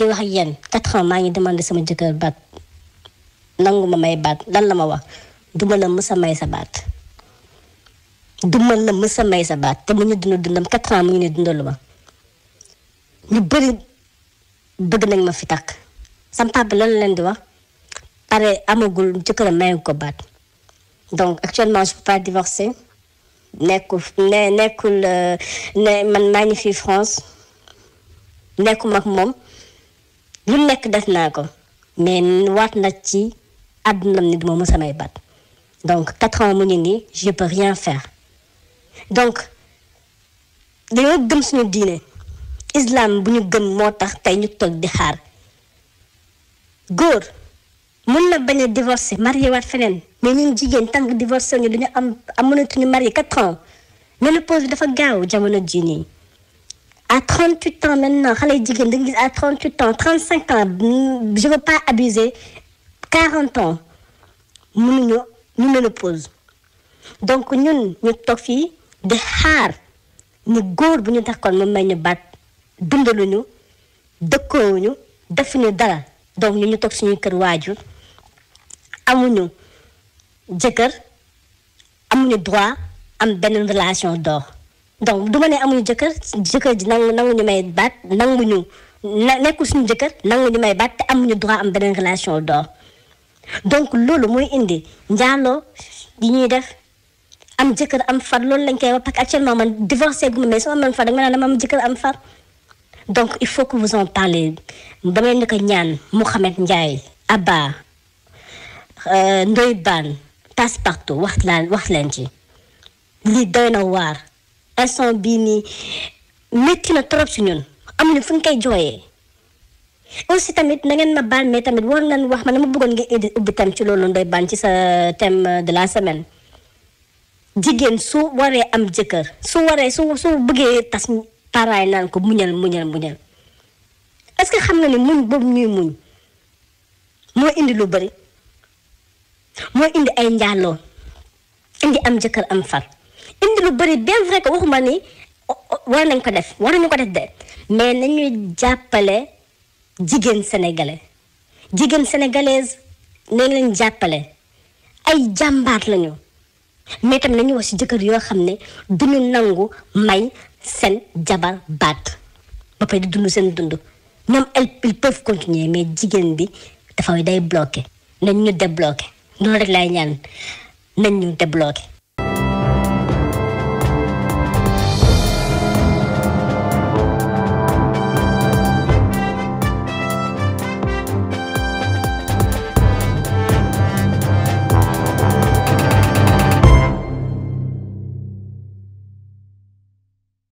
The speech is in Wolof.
di wax ak quatre ans maa ngi demandé sama jëkkër baat nangu ma may baat lan la ma wax duma la mës a may sa baat duma la mës a may sa baat te mu ñu dund dundam quatre ans mu ñu ne dundalu ñu bëri bëgg nañ ma fi takk sama papa leen di wax pare amagul jëkkëram mayu ko baat donc actuellement je peux divorcer nekkul ne nekkul euh, ne man maa ngi fi France nekkuma ak moom lu nekk def naa ko mais waat na ci àddunam ni duma mës a donc quatre ans mu ngi nii je peux rien faire donc dañoo gëm suñu diine islam bu ñu gëm moo tax tey ñu toog di xaar góor mën na bañ a divorcé marié waat feneen mais ñun jigéen tànk divorcé ñu dañu am amunatuñu marié quatre ans ménopause dafa gaaw jamono jii nii à 38 ans maintenant xale yu jigéen da nga gis à 38 ans 35 ans je veux pas abuser 40 ans mënuñu ñu ménopause donc ñun ñu toog fii di xaar ñu góor bu ñu taxoon moom may ñu baat dundaluñu dëkkoowuñu defuñu dara donc ñu ñu toog suñuy kër waajur amuñu jëkkër amuñu droit am benn relation d'or donc du ma ne amuñu jëkkër jëkkër ji nangu nangu ñu may baat nangu ñu na nekkul suñu jëkkër nangu ñu may baat te amuñu droit am beneen relation d'or donc loolu mooy indi njaaloo yi ñuy def am jëkkër am far loolu lañ koy wax parce que actuellement man divorcé gu ma mais sama man far da nga naan am far donc il faut que vous en parlez damay ni ñaan Mouhamed Ndiaye Abba euh, Ndoye Bane passe partout wax laan wax leen ci lii doy na waar instant bii nii na trop si ñun amuñu fu ñu koy jooyee aussi oh, tamit na ngeen ma baal mais tamit war nañ wax man dama bëggoon nga indi ubbi tam ci loolu ndoy baan ci sa thème euh, de la semaine jigéen su waree am jëkkër su waree su su bëggee tas paraay naan ko muñal muñal muñal est-ce que xam na ni muñ boobu ñuy muñ moo indi lu bari moo indi ay njaaloo indi am jëkkër am far indi lu bëri bien vrai que waxuma ni war nañ ko def war nañu ko def de mais nañuy jàppale jigéen sénégalais jigéen sénégalaise nañ leen jàppale ay jàmbaat lañu mais tamit nañu wax si jëkkër yoo xam ne duñu nangu may seen jabar baat ba di dund seen dund ñoom ils peuvent continuer mais jigéen bi dafay day bloqué nañ ñu débloqué loolu rek laay ñaan nañ ñu débloqué